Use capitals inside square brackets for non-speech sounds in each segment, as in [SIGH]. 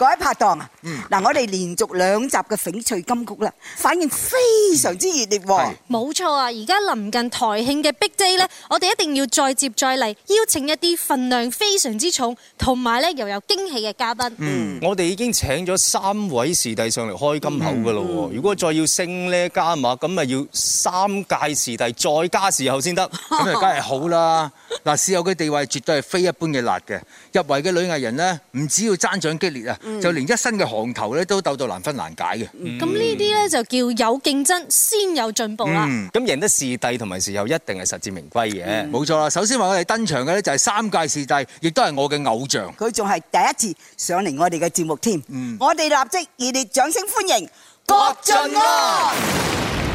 各位拍檔、嗯、啊，嗱，我哋連續兩集嘅翡翠金曲啦，反應非常之熱烈喎、啊。冇、嗯、錯啊，而家臨近台慶嘅 Big Day 呢，啊、我哋一定要再接再厲，邀請一啲份量非常之重，同埋呢又有驚喜嘅嘉賓。嗯，我哋已經請咗三位時弟上嚟開金口噶啦，嗯、如果再要升呢加碼，咁咪要三屆時弟再加時候先得，咁啊，梗係好啦。嗱，時後嘅地位絕對係非一般嘅辣嘅，入圍嘅女藝人呢，唔只要爭獎激烈啊！嗯就連一身嘅行頭咧，都鬥到難分難解嘅。咁呢啲咧就叫有競爭先有進步啦。咁贏得視帝同埋視后一定係實至名歸嘅。冇錯啦，首先為我哋登場嘅咧就係三屆視帝，亦都係我嘅偶像。佢仲係第一次上嚟我哋嘅節目添。我哋立即熱烈掌聲歡迎郭晉安，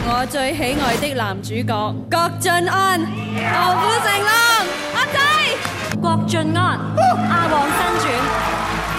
我最喜愛的男主角郭晉安，劉浩存，阿仔，郭晉安，阿旺新傳。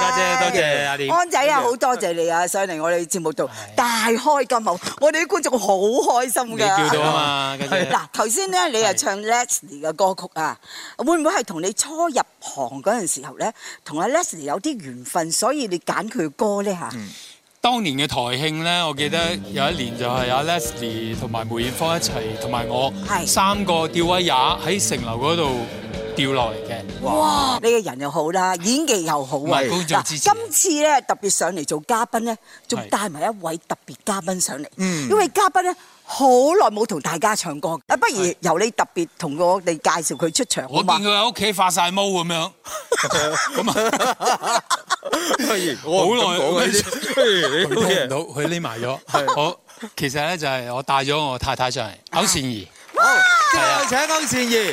家姐，姐，多謝安仔啊！好多謝你啊，你你上嚟我哋節目度，的大開金口，我哋啲觀眾好開心嘅。你叫到啊嘛，嗱 [LAUGHS] 姐，頭先咧，你係唱 Leslie 嘅歌曲啊，的會唔會係同你初入行嗰陣時候咧，同阿 Leslie 有啲緣分，所以你揀佢歌咧吓？嗯，當年嘅台慶咧，我記得有一年就係阿 Leslie 同埋梅艷芳一齊，同埋我係的三個吊威也喺城樓嗰度。掉落嚟嘅，哇！你嘅人又好啦，演技又好啊。今次咧特別上嚟做嘉賓咧，仲帶埋一位特別嘉賓上嚟。是因為嘉賓咧好耐冇同大家唱歌，啊，不如由你特別同我哋介紹佢出場。我見佢喺屋企發晒毛咁樣，咁啊，好耐。 [LAUGHS] 不如久些聽唔到，佢匿埋咗。好是，其實咧就係我帶咗我太太上嚟，歐倩怡。好哇，再請歐倩怡。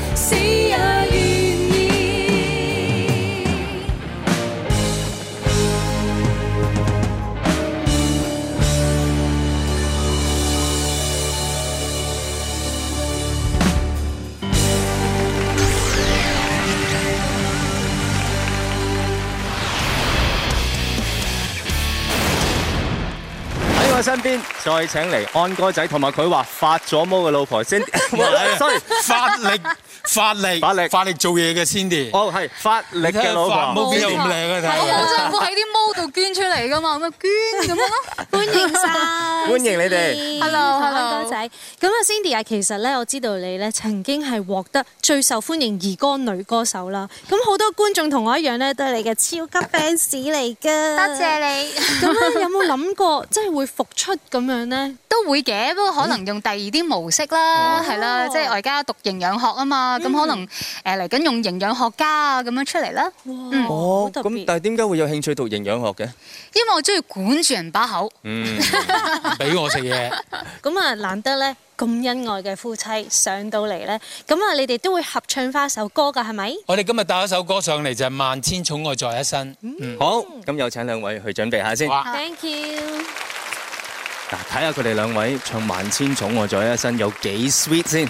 身邊再請嚟安哥仔，同埋佢話發咗毛嘅老婆先，所以發力。法力，法力，法力做嘢嘅 Cindy，哦，係法力嘅老婆，冇咁靚啊，睇嚟。我真係會喺啲毛度捐出嚟噶嘛，咁啊捐咁樣咯。歡迎晒，歡迎你哋。Hello，hello，多謝。咁啊，Cindy 啊，其實咧，我知道你咧曾經係獲得最受歡迎兒歌女歌手啦。咁好多觀眾同我一樣咧，都係你嘅超級 fans 嚟㗎。多謝你。咁咧有冇諗過即係會復出咁樣咧？都會嘅，不過可能用第二啲模式啦，係啦，即係我而家讀營養學啊嘛。咁、嗯、可能誒嚟緊用營養學家啊咁樣出嚟啦。哇嗯、哦，咁但係點解會有興趣讀營養學嘅？因為我中意管住人把口，嗯，俾 [LAUGHS] 我食嘢。咁啊，難得咧咁恩愛嘅夫妻上到嚟咧，咁啊，你哋都會合唱返首歌㗎係咪？我哋今日帶一首歌上嚟就係、係《萬千寵愛在一身》。嗯、好，咁有請兩位去準備一下先。好 Thank you。嗱，睇下佢哋兩位唱《萬千寵愛在一身》有幾 sweet 先。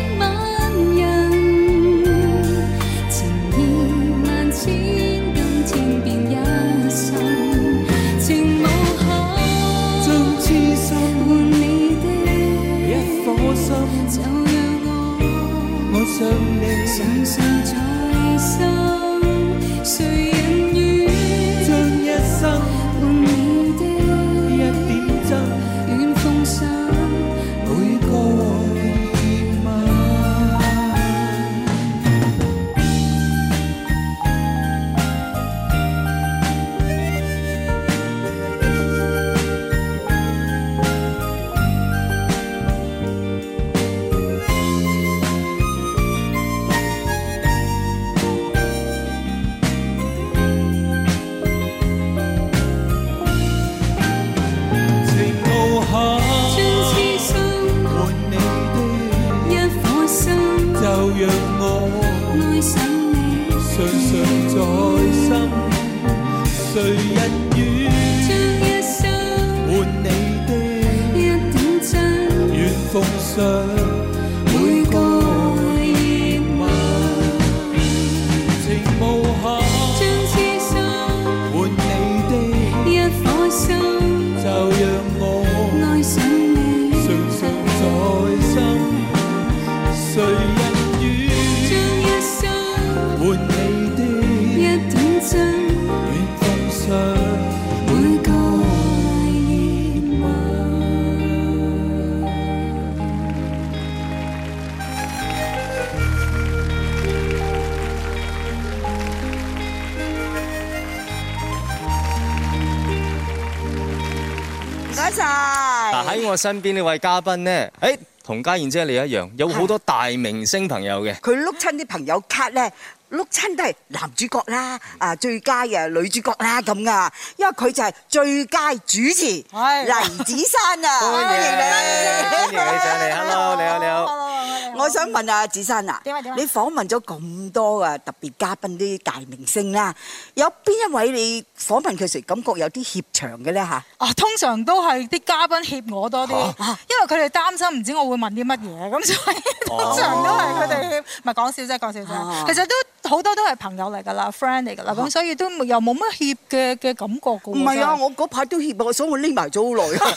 身邊呢位嘉賓呢？誒同家燕姐你一樣，有好多大明星朋友嘅。佢碌親啲朋友卡的呢？碌親都係男主角啦，啊最佳嘅女主角啦咁啊，因為佢就係最佳主持係黎芷珊啊！歡迎你，歡迎你上嚟，hello，你好你好。我想問啊芷珊啊，你訪問咗咁多啊特別嘉賓啲大明星啦，有邊一位你訪問佢時感覺有啲怯場嘅咧嚇？啊，通常都係啲嘉賓怯我多啲，因為佢哋擔心唔知我會問啲乜嘢，咁所以通常都係佢哋怯，唔係講笑啫，講笑啫，其實都。好多都係朋友嚟㗎啦，friend 嚟㗎啦，咁蛤所以都又冇乜怯嘅嘅感覺㗎。唔係啊，對我嗰排都怯啊，所以我匿埋咗好耐。係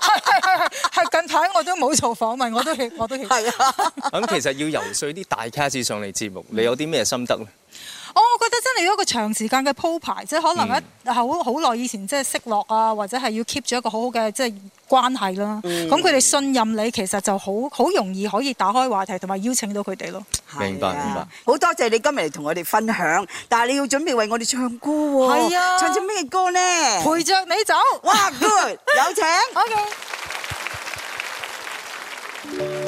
係係係，係近排我都冇做訪問，我都怯，我都怯。係啊。咁 [LAUGHS] 其實要游説啲大卡士上嚟節目，你有啲咩心得咧？我、哦。真係要一個長時間嘅鋪排，即係可能一好好耐以前，即係識落啊，或者係要 keep 住一個很好好嘅即係關係啦。咁佢哋信任你，其實就好好容易可以打開話題，同埋邀請到佢哋咯。明白，啊、明白。好多謝你今日嚟同我哋分享，但係你要準備為我哋唱歌喎。係啊。啊唱支咩歌呢？陪着你走。哇，Good，有請。 [LAUGHS] OK。 [MUSIC]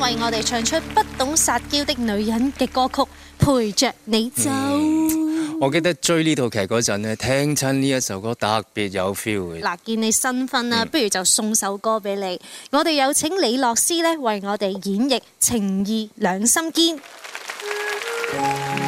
為我哋唱出不懂撒嬌的女人嘅歌曲，陪着你走。嗯。我記得追呢套劇嗰陣咧，聽親呢一首歌特別有 feel 嘅。嗱，見你新婚啊，不如就送首歌俾你。我哋有請李樂詩呢，為我哋演繹情義兩心堅。嗯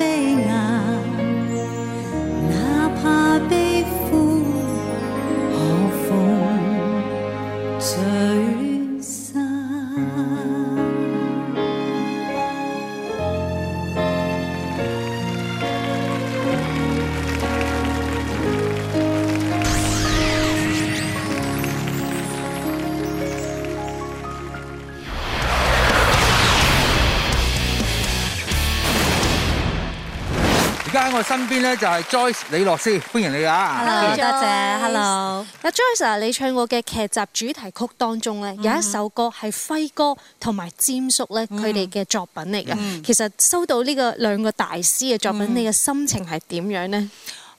呢就係 Joyce 李樂詩，歡迎你啊！Hello，多謝，Hello。阿 Joyce，你唱過嘅劇集主題曲當中咧，mm hmm. 有一首歌係煇哥同埋霑叔咧，佢哋嘅作品嚟嘅。Mm hmm. 其實收到呢個兩個大師嘅作品，mm hmm. 你嘅心情係點樣呢？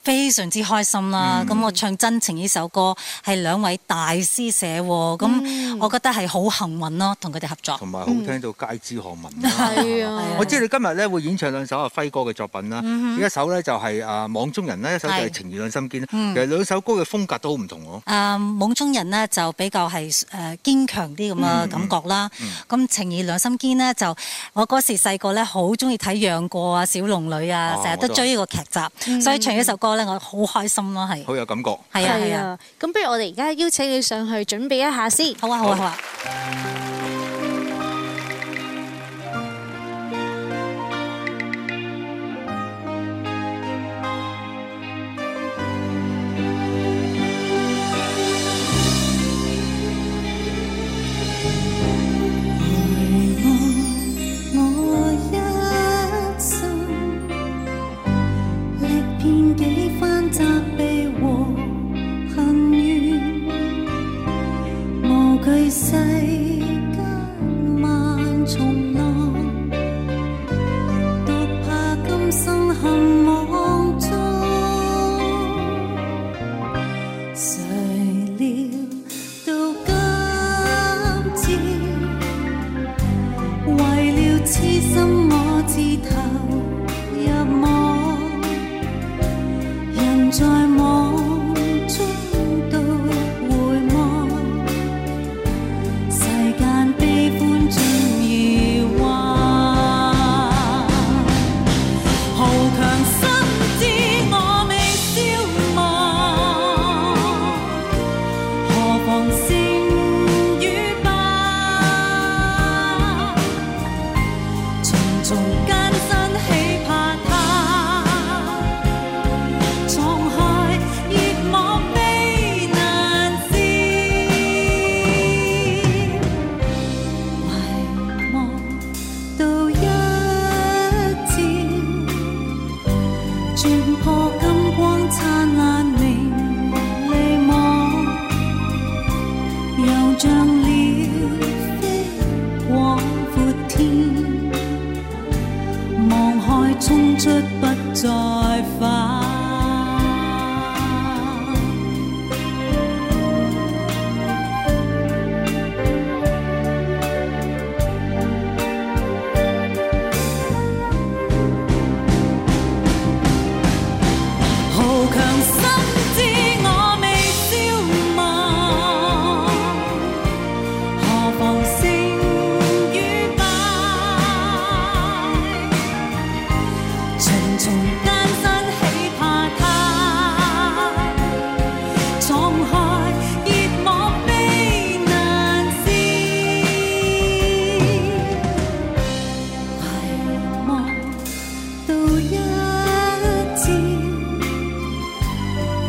非常之開心啦！咁我唱《真情》呢首歌係兩位大師寫，咁我覺得係好幸運咯，同佢哋合作。同埋好聽到街知巷聞。啊！我知道你今日咧會演唱兩首阿煇哥嘅作品啦，一首呢就係啊《網中人》呢，一首就係《情義兩心堅》。其實兩首歌嘅風格都好唔同喎。啊，《網中人》呢就比較係誒堅強啲咁嘅感覺啦。咁《情義兩心堅》呢，就我嗰時細個咧好中意睇《楊過》啊、《小龍女》啊，成日都追呢個劇集，所以唱呢首歌。令我好開心咯，係。好有感覺。係啊係啊，咁、啊啊、不如我哋而家邀請你上去準備一下先。好啊好啊好啊。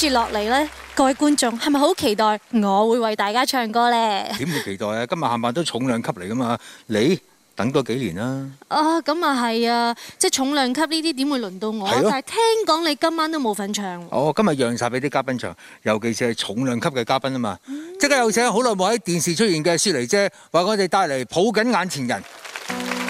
接住落嚟呢，各位觀眾係咪好期待，我會為大家唱歌呢？點會期待啊？今日冚唪唥都重量級嚟噶嘛，你等多幾年啦。啊、哦，咁啊係啊，即係重量級呢啲點會輪到我？係咯、啊。但係聽講你今晚都冇份唱。哦，今日讓晒俾啲嘉賓唱，尤其是係重量級嘅嘉賓啊嘛。即、嗯、刻有請好耐冇喺電視出現嘅雪梨姐，為我哋帶嚟抱緊眼前人。嗯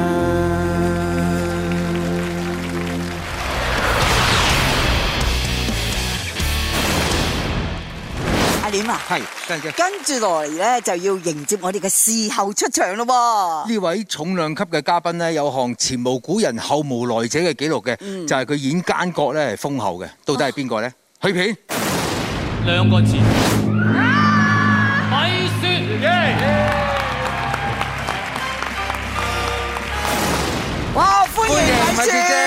係，跟住落嚟咧就要迎接我哋嘅事後出場咯。呢位重量級嘅嘉賓咧，有項前無古人後無來者嘅紀錄嘅，就係佢演奸角咧係封后嘅，到底係邊個咧？去片，兩個字，米雪。哇，歡迎米小姐。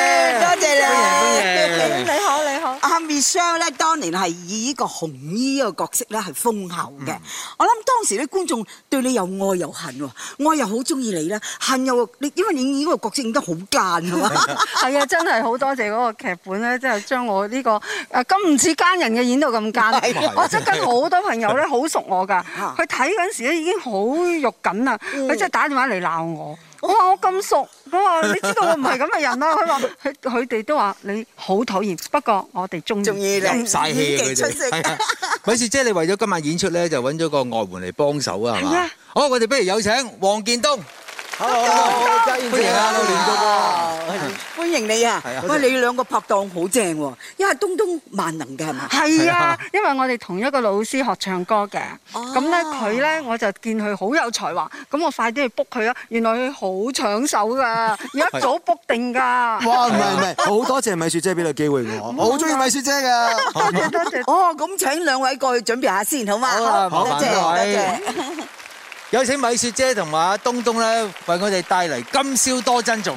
米雪呢，Michelle，當年係以呢個紅衣嘅角色咧係封后嘅。嗯、我諗當時啲觀眾對你又愛又恨喎，愛又好中意你啦，恨又你，因為演演個角色演得好奸係嘛？係啊，真係好多謝嗰個劇本咧，即係將我呢個誒，咁唔似奸人嘅演到咁奸，的我真係跟好多朋友咧好熟我噶，佢睇嗰陣時咧已經好肉緊啦，佢、嗯、真係打電話嚟鬧我。哦、我話我咁熟，佢話你知道我唔係咁嘅人啦。佢話佢佢哋都話你好討厭，不過我哋中意。中意你嘥氣佢就。咪住 [LAUGHS] 們， [LAUGHS] 啊、姐你為咗今晚演出咧，就揾咗個外援嚟幫手啊，係嘛？嗎好，我哋不如有請黃建東。好，歡迎啊，歡迎你啊！喂，你兩個拍檔好正喎，因為東東萬能嘅係嘛？係啊，因為我哋同一個老師學唱歌嘅，咁咧佢咧我就見佢好有才華，咁我快啲去 book 佢啊，原來佢好搶手㗎，而家早 book 定㗎。哇，唔係唔係，好多謝米雪姐俾個機會我，我好中意米雪姐㗎。多謝多謝。哦，咁請兩位過去準備下先，好嗎？好，唔該曬，唔該曬。有請米雪姐同埋東東呢，為我哋帶嚟《今宵多珍重》。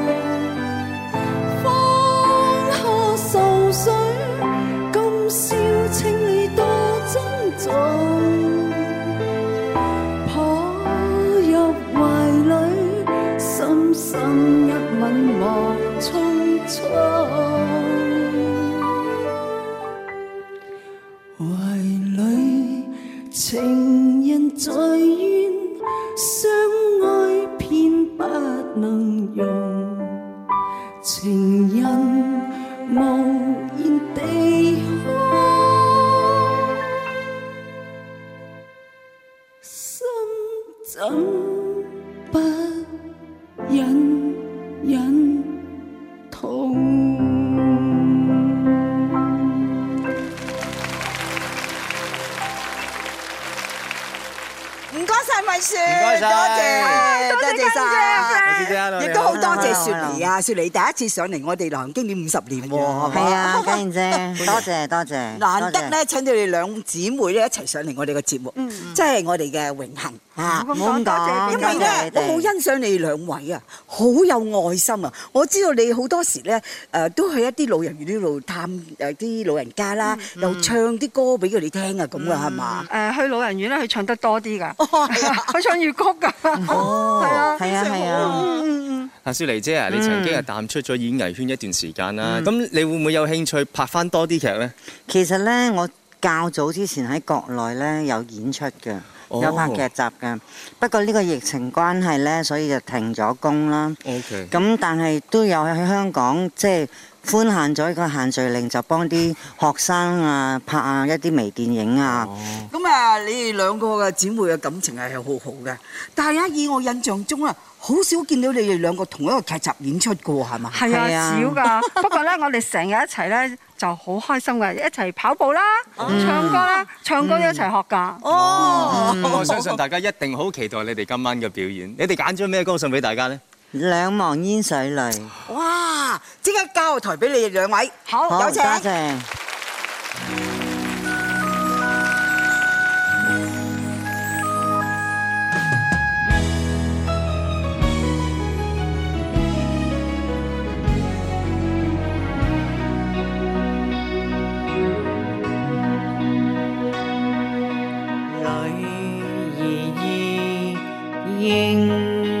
説，你第一次上嚟，我哋流行經典五十年喎，係嘛？多謝多謝，難得咧請到你哋兩姊妹咧一齊上嚟我哋嘅節目，即嗯，係我哋嘅榮幸嚇，多謝因為咧我好欣賞你兩位啊，好有愛心啊！我知道你好多時咧誒都去一啲老人院呢度探誒啲老人家啦，又唱啲歌俾佢哋聽啊，咁嘅係嘛？誒去老人院咧，佢唱得多啲㗎，係啊，佢唱粵曲㗎，係啊，係啊，係啊。阿雪梨姐，你曾經係淡出咗演藝圈一段時間啦，咁、嗯、你會唔會有興趣拍返多啲劇呢？其實呢，我較早之前喺國內呢有演出嘅，哦、有拍劇集嘅。不過呢個疫情關係呢，所以就停咗工啦。OK、嗯。咁但係都有喺香港即係，就是寬限咗個限聚令，就幫啲學生啊拍一啲微電影啊。咁啊、哦，你哋兩個嘅姊妹嘅感情係好好嘅。但係以我印象中啊，好少見到你哋兩個同一個劇集演出過，係嘛？係啊，少㗎。不過咧，我哋成日一齊咧就好開心嘅，一齊跑步啦、嗯，唱歌啦，唱歌都一齊學㗎。哦，哦嗯、我相信大家一定好期待你哋今晚嘅表演。你哋揀咗咩歌送俾大家咧？兩忘煙水裏，哇！即刻交個台俾你哋兩位，好，有請。多謝！多謝！女兒意應。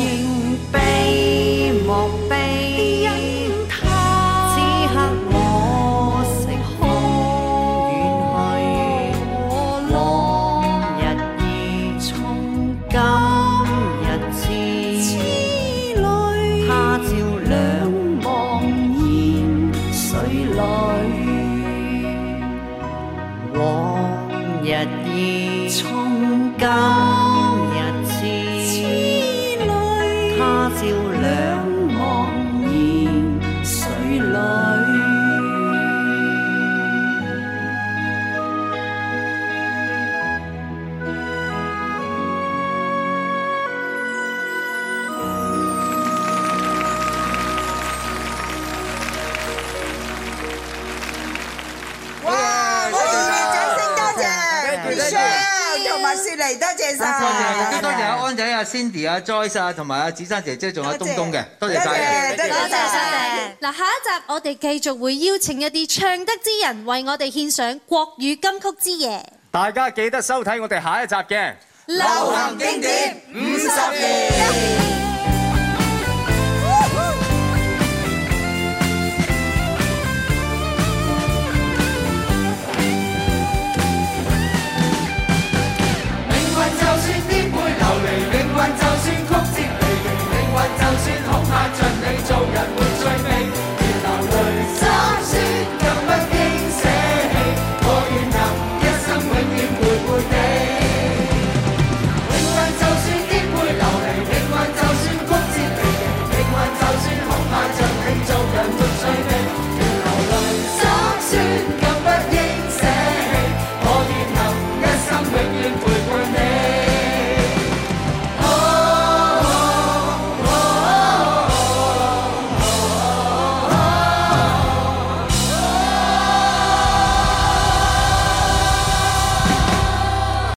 雪梨，多謝晒，多謝阿安仔、阿 Cindy、阿 Joyce 啊，同埋阿芷珊姐姐，仲有東東嘅，多謝晒，多謝晒。嗱，下一集我哋繼續會邀請一啲唱得之人，為我哋獻上國語金曲之夜。大家記得收睇我哋下一集嘅流行經典五十年。